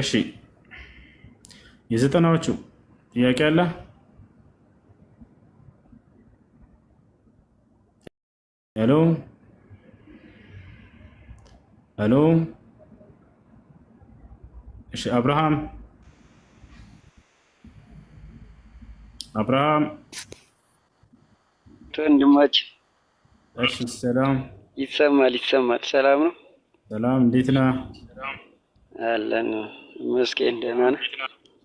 እሺ የዘጠናዎቹ ጥያቄ አለ? ሄሎ ሄሎ። እሺ አብርሃም አብርሃም ወንድማች፣ እሺ ሰላም ይሰማል፣ ይሰማል። ሰላም ነው። ሰላም እንዴት ነህ? አለን መስኪን ደህና ነህ?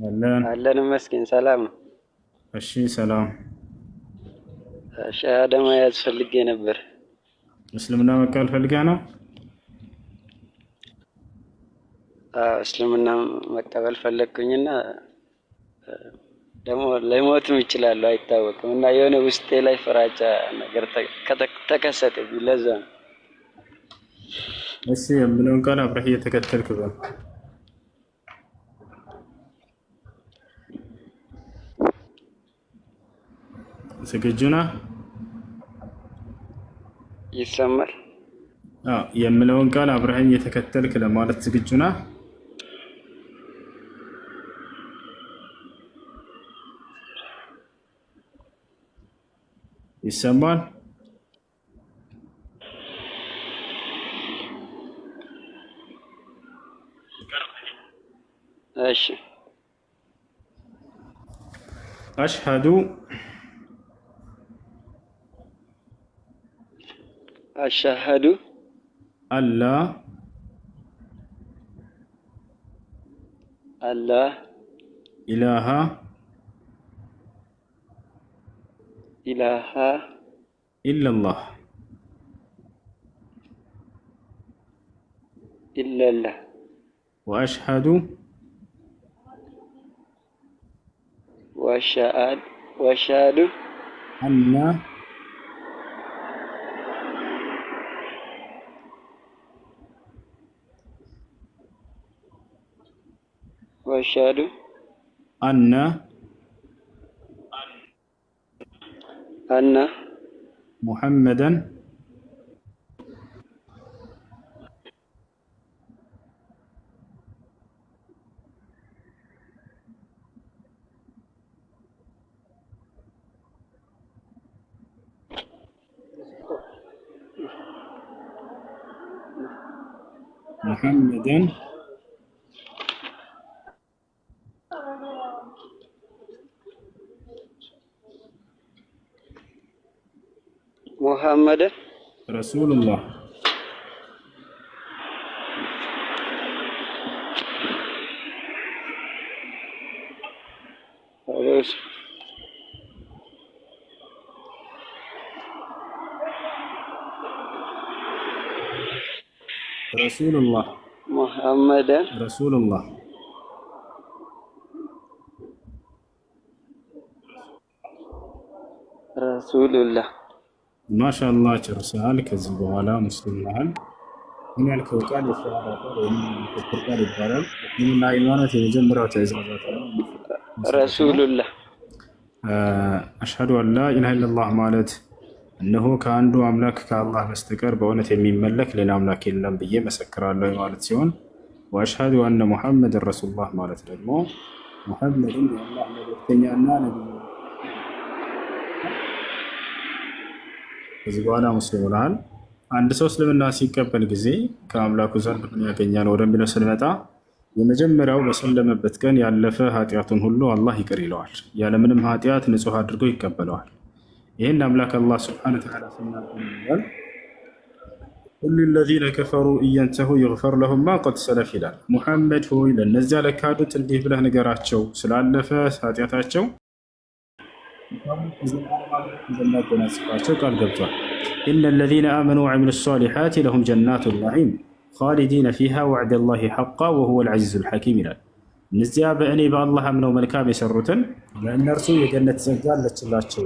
አለን አለን። መስኪን ሰላም ነው? እሺ ሰላም። እሺ አዳማ ያዝ ፈልጌ ነበር። እስልምና መቀበል ፈልጋ ነው? አዎ እስልምና መቀበል ፈለግኩኝና ደግሞ ለሞትም ይችላሉ አይታወቅም። እና የሆነ ውስጤ ላይ ፍራቻ ነገር ተከሰተብኝ። ለዛ ነው። እሺ የምለውን ቃል አብረህ እየተከተልክ ዝግጁ ነህ? ይሰማል የምለውን ቃል አብረኸኝ እየተከተልክ ለማለት ዝግጁ ነህ? ይሰማል? እሺ አሽሀዱ أشهد ألا ألا إله إله إلا الله إلا الله وأشهد وأشهد وأشهد أن الشاهد أن أن محمدا محمدا محمد رسول الله رسول الله محمد رسول الله رسول الله ማሻላ ጨርሰሃል። ከዚህ በኋላ ሙስሊም ናህል ምን ያልከው ቃል የሸሃዳ ቃል ይባላል። እስልምና ሃይማኖት የመጀመሪያው ትእዛዛት ነው። ረሱሉላህ አሽሀዱ አን ላ ኢለላህ ማለት እነሆ ከአንዱ አምላክ ከአላህ በስተቀር በእውነት የሚመለክ ሌላ አምላክ የለም ብዬ መሰክራለሁ ማለት ሲሆን ወአሽሀዱ አነ ሙሐመድን ረሱሉላህ ማለት ደግሞ ሙሐመድን የአላህ መልእክተኛና ነቢዩ ከዚህ በኋላ ሙስሊም ሆነሃል። አንድ ሰው እስልምና ሲቀበል ጊዜ ከአምላኩ ዘንድ ምን ያገኛል ወደሚለው ስንመጣ የመጀመሪያው በሰለመበት ቀን ያለፈ ኃጢአቱን ሁሉ አላህ ይቅር ይለዋል። ያለምንም ኃጢአት ንጹህ አድርጎ ይቀበለዋል። ይህን አምላክ አላህ ስብሐነሁ ወተዓላ ስናል ሁሉ ለዚነ ከፈሩ እየንተሁ ይግፈር ለሁም ማ ቀድ ሰለፍ ይላል። ሙሐመድ ሆይ ለእነዚያ ለካዱት እንዲህ ብለህ ንገራቸው ስላለፈ ኃጢአታቸው እንደሚያጎናጽፋቸው ቃል ገብቷል። ኢነ ለዚነ አመኑ ወዐሚሉ ሷሊሓት ለሁም ጀናቱ ነዒም ኻሊዲነ ፊሃ ወዕደ ላሂ ሐቃ ወሁወ ልዐዚዙ ልሐኪም ይላል። እነዚያ በእኔ በአላህ አምነው መልካም የሰሩትን ለእነርሱ የገነት ጸጋ አለችላቸው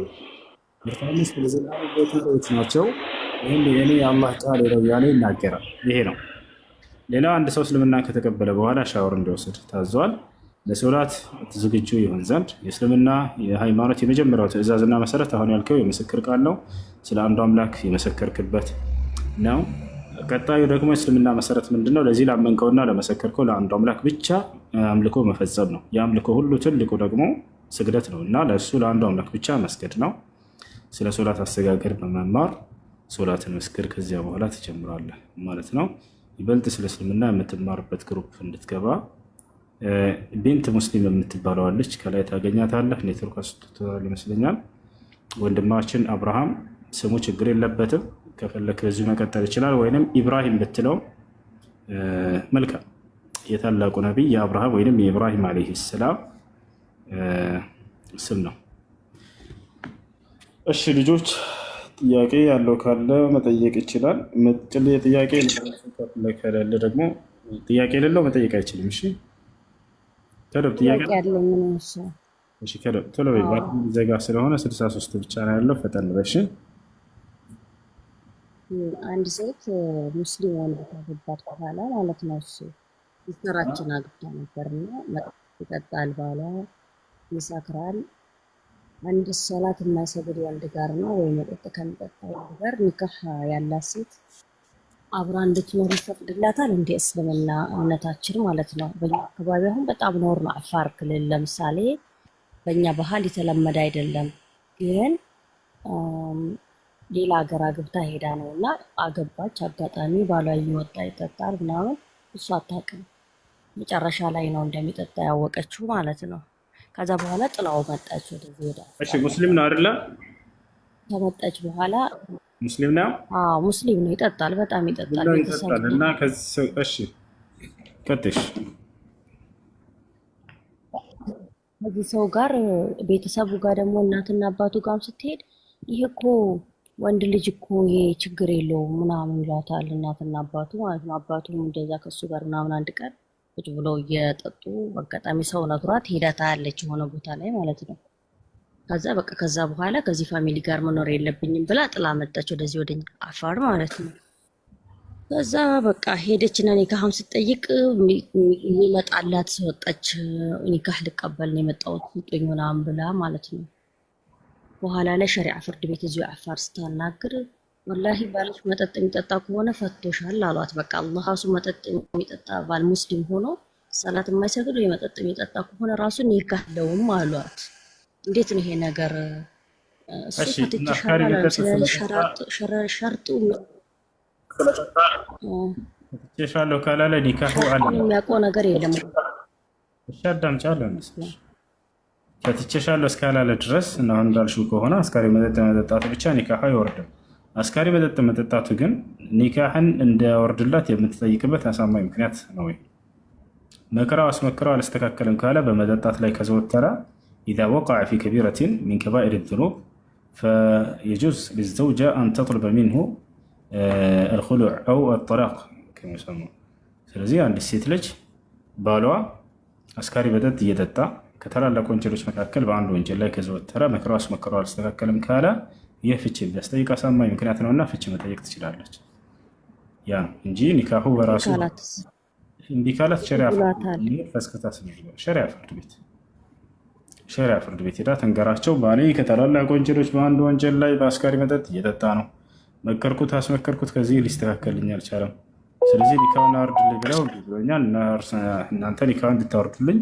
ምርታምስ ለዘላለም ቦታዎች ናቸው። ይህም የእኔ የአላህ ቃል ነው ያለ ይናገራል። ይሄ ነው። ሌላ አንድ ሰው እስልምና ከተቀበለ በኋላ ሻወር እንዲወስድ ታዟል። ለሶላት ዝግጁ ይሆን ዘንድ የእስልምና የሃይማኖት የመጀመሪያው ትዕዛዝና መሰረት አሁን ያልከው የምስክር ቃል ነው። ስለ አንዱ አምላክ የመሰከርክበት ነው። ቀጣዩ ደግሞ የእስልምና መሰረት ምንድን ነው? ለዚህ ላመንከውና ለመሰከርከው ለአንዱ አምላክ ብቻ አምልኮ መፈጸም ነው። የአምልኮ ሁሉ ትልቁ ደግሞ ስግደት ነው እና ለእሱ ለአንዱ አምላክ ብቻ መስገድ ነው። ስለ ሶላት አሰጋገድ በመማር ሶላትን መስገድ ከዚያ በኋላ ትጀምራለህ ማለት ነው። ይበልጥ ስለ እስልምና የምትማርበት ግሩፕ እንድትገባ ቢንት ሙስሊም የምትባለዋለች ከላይ ታገኛታለህ። ኔትወርክ ይመስለኛል። ወንድማችን አብርሃም ስሙ ችግር የለበትም። ከፈለክ በዚሁ መቀጠል ይችላል። ወይንም ኢብራሂም ብትለው መልካም። የታላቁ ነቢይ የአብርሃም ወይንም የኢብራሂም ዓለይሂ ሰላም ስም ነው። እሺ ልጆች ጥያቄ ያለው ካለ መጠየቅ ይችላል። ጥያቄ ከሌለ ደግሞ ጥያቄ የሌለው መጠየቅ አይችልም። እሺ ቶሎ ዜጋ ስለሆነ ስልሳ ሶስት ብቻ ነው ያለው። ፈጠን በሽ አንድ ሴት ሙስሊም ወንድ ካገባት በኋላ ማለት ነው እሱ ሚስጥራችን አግብታ ነበርና ይጠጣል፣ ባሏ ይሰክራል። አንድ ሰላት የማይሰግድ ወንድ ጋር ነው ወይ መጠጥ ከሚጠጣ ወንድ ጋር ኒካህ ያላት ሴት አብራ እንድትኖር ይፈቅድላታል። እንደ እስልምና እምነታችን ማለት ነው። በኛ አካባቢ አሁን በጣም ኖር ነው። አፋር ክልል ለምሳሌ በእኛ ባህል የተለመደ አይደለም፣ ግን ሌላ ሀገር አግብታ ሄዳ ነው እና አገባች። አጋጣሚ ባሏ እየወጣ ይጠጣል ምናምን፣ እሱ አታውቅም። መጨረሻ ላይ ነው እንደሚጠጣ ያወቀችው ማለት ነው። ከዛ በኋላ ጥላው መጣች ወደዚህ ሄዳ። ሙስሊም ነው አይደለ? ከመጣች በኋላ ሙስሊም ነው። አዎ ሙስሊም ነው። ይጠጣል፣ በጣም ይጠጣል ይጠጣል። እና ከዚህ ሰው እሺ፣ ቀጥሽ ከዚህ ሰው ጋር ቤተሰቡ ጋር ደግሞ እናትና አባቱ ጋር ስትሄድ ይሄ እኮ ወንድ ልጅ እኮ ይሄ ችግር የለውም ምናምን ይሏታል፣ እናትና አባቱ ማለት ነው። አባቱ እንደዛ ከሱ ጋር ምናምን አንድ ቀን ቁጭ ብለው እየጠጡ አጋጣሚ ሰው ነግሯት ሄዳ ታያለች የሆነ ቦታ ላይ ማለት ነው። ከዛ በቃ ከዛ በኋላ ከዚህ ፋሚሊ ጋር መኖር የለብኝም ብላ ጥላ መጣች፣ ወደዚህ ወደ አፋር ማለት ነው። ከዛ በቃ ሄደች እና ኒካህም ስጠይቅ የሚመጣላት ወጣች። ኒካህ ልቀበል ነው የመጣሁት ውጡኝ ምናምን ብላ ማለት ነው። በኋላ ላይ ሸሪዓ ፍርድ ቤት እዚሁ አፋር ስታናግር ወላሂ ባለች መጠጥ የሚጠጣ ከሆነ ፈቶሻል አሏት። በቃ አላህ ራሱ መጠጥ የሚጠጣ ባል ሙስሊም ሆኖ ሰላት የማይሰግድ የመጠጥ የሚጠጣ ከሆነ ራሱ ኒካህ ለውም አሏት። እንዴት ነው ይሄ ነገር? ሸርጡ ሻለሁ ካላለ ኒካሁ አለ የሚያውቀው ነገር የለም። አዳምጪ አለ መስሎሽ ፈትቼሻለሁ እስካላለ ድረስ እና እንዳልሽው ከሆነ አስካሪ መጠጥ መጠጣቱ ብቻ ኒካህ አይወርድም። አስካሪ መጠጥ መጠጣቱ ግን ኒካህን እንዳያወርድላት የምትጠይቅበት አሳማኝ ምክንያት ነው። መከራው አስመክረው አልስተካከልም ካለ በመጠጣት ላይ ከዘወተረ إذا وقع في كبيرة من كبائر الذنوب فيجوز للزوجة أن تطلب منه آه، الخلوع أو الطلاق كما يسمى سلزيان للسيتلج بالوا أسكاري بدت يدتا كتلا لك وانجلوش مكاكل بعن وانجل لك زوتر مكراس مكرار استكاكل مكالا يفتش بس تيكا سامة يمكن أن تنونا فتش متى يكتش لالك يا نجي نكاحو براسو بكالات شريعة فرد بيت شريعة فرد ሸሪያ ፍርድ ቤት ሄዳ ተንገራቸው። ባሌ ከታላላቅ ወንጀሎች በአንድ ወንጀል ላይ በአስካሪ መጠጥ እየጠጣ ነው። መከርኩት፣ አስመከርኩት፣ ከዚህ ሊስተካከልልኝ አልቻለም። ስለዚህ ኒካውን አውርድልኝ ብለው ብሎኛል። እናንተ ኒካውን እንድታወርዱልኝ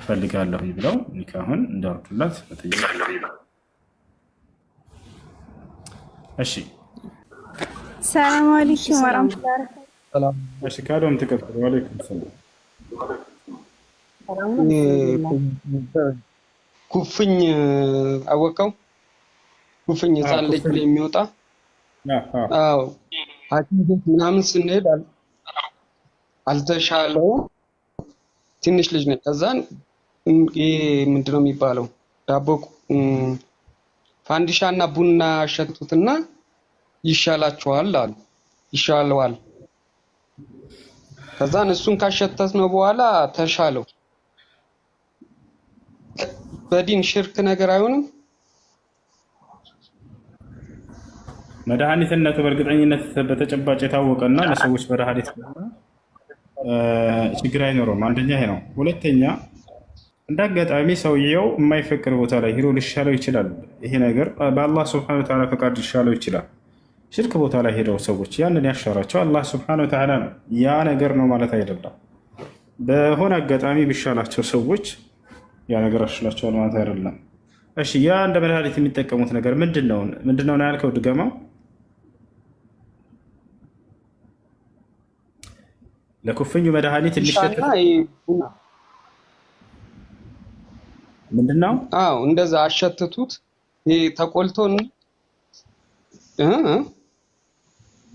እፈልጋለሁ ብለው ኒካሁን እንዳወርዱላት መጠየቃለሁ። እሺ፣ ሰላም አለይኩም ወራህመቱላሂ። ካዶም ተቀጥሎ አለይኩም ሰላም ኩፍኝ አወቀው ኩፍኝ ህፃን ልጅ የሚወጣ አዎ፣ ሐኪም ቤት ምናምን ስንሄድ አልተሻለው ትንሽ ልጅ ነች። ከዛን ይህ ምንድነው የሚባለው ዳቦ ፋንዲሻ እና ቡና ሸጡትና ይሻላቸዋል አሉ። ይሻለዋል። ከዛን እሱን ካሸተት ነው በኋላ ተሻለው። በዲን ሽርክ ነገር አይሆንም። መድኃኒትነቱ በእርግጠኝነት በተጨባጭ የታወቀና ለሰዎች መድኃኒት ችግር አይኖረም አንደኛ ይሄ ነው። ሁለተኛ እንደ አጋጣሚ ሰውየው የማይፈቅድ ቦታ ላይ ሄዶ ሊሻለው ይችላል። ይሄ ነገር በአላህ ስብሐነ ወተዓላ ፈቃድ ሊሻለው ይችላል። ሽርክ ቦታ ላይ ሄደው ሰዎች ያንን ያሻራቸው አላህ ስብሐነ ወተዓላ ነው። ያ ነገር ነው ማለት አይደለም። በሆነ አጋጣሚ ቢሻላቸው ሰዎች ያ ነገር አሽላቸዋል ማለት አይደለም። እሺ ያ እንደ መድኃኒት የሚጠቀሙት ነገር ምንድነው? ምንድነው ምንድን ነው ያልከው? ድገማ ለኩፍኙ መድኃኒት ምንድን ነው? አዎ እንደዛ አሸትቱት። ይሄ ተቆልቶ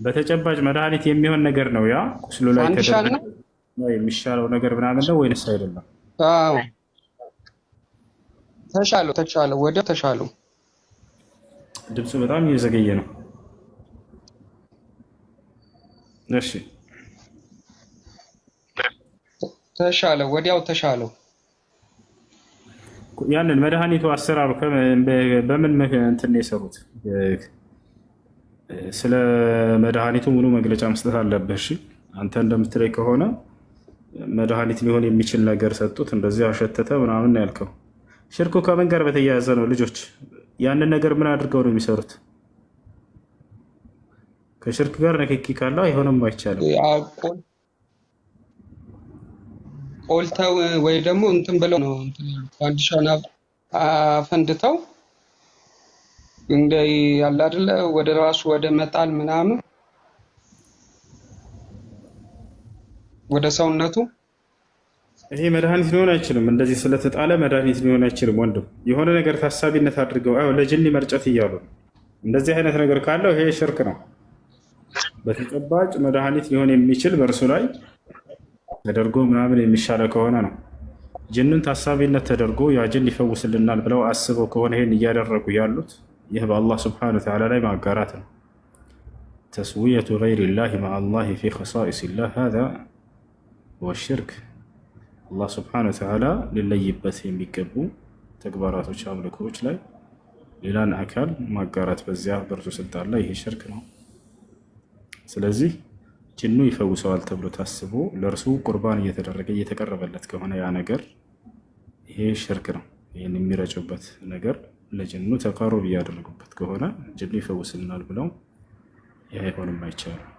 በተጨባጭ መድኃኒት የሚሆን ነገር ነው። ያ ቁስሉ ላይ የሚሻለው ነገር ምናምን ነው ወይንስ አይደለም? ተሻለው ተሻለው ወዲያው ተሻለው። ድምፁ በጣም እየዘገየ ነው። እሺ ተሻለ ወዲያው ተሻለው። ያንን መድኃኒቱ አሰራሩ በምን እንትን ነው የሰሩት? ስለ መድኃኒቱ ሙሉ መግለጫ መስጠት አለብህ። አንተ እንደምትለይ ከሆነ መድኃኒት ሊሆን የሚችል ነገር ሰጡት፣ እንደዚህ አሸተተ ምናምን ያልከው ሽርኩ ከምን ጋር በተያያዘ ነው? ልጆች ያንን ነገር ምን አድርገው ነው የሚሰሩት? ከሽርክ ጋር ንክኪ ካለው አይሆንም፣ አይቻልም። ቆልተው ወይ ደግሞ እንትን ብለው ነው ፋንዲሻን አፈንድተው እንግዲህ ያለ አይደለ ወደ ራሱ ወደ መጣል ምናምን ወደ ሰውነቱ ይሄ መድኃኒት ሊሆን አይችልም። እንደዚህ ስለተጣለ መድኃኒት ሊሆን አይችልም። ወንድም የሆነ ነገር ታሳቢነት አድርገው አዎ፣ ለጅኒ መርጨት እያሉ እንደዚህ አይነት ነገር ካለው ይሄ ሽርክ ነው። በተጨባጭ መድኃኒት ሊሆን የሚችል በእርሱ ላይ ተደርጎ ምናምን የሚሻለ ከሆነ ነው። ጅንን ታሳቢነት ተደርጎ ያ ጅን ይፈውስልናል ብለው አስበው ከሆነ ይሄን እያደረጉ ያሉት ይህ በአላህ ስብሐነሁ ወተዓላ ላይ ማጋራት ነው። ተስዊየቱ ገይሪላሂ ማአላሂ ፊ ኸሳኢሲላህ ሃዛ ወሽርክ አላህ ስብሐነሁ ወተዓላ ሊለይበት የሚገቡ ተግባራቶች፣ አምልኮዎች ላይ ሌላን አካል ማጋራት በዚያ በእርሱ ስልጣን ላይ ይሄ ሽርክ ነው። ስለዚህ ጅኑ ይፈውሰዋል ተብሎ ታስቦ ለእርሱ ቁርባን እየተደረገ እየተቀረበለት ከሆነ ያ ነገር ይሄ ሽርክ ነው። ይህን የሚረጩበት ነገር ለጅኑ ተቃሩብ እያደረጉበት ከሆነ ጅኑ ይፈውስልናል ብለው ይህ አይሆንም፣ አይቻልም።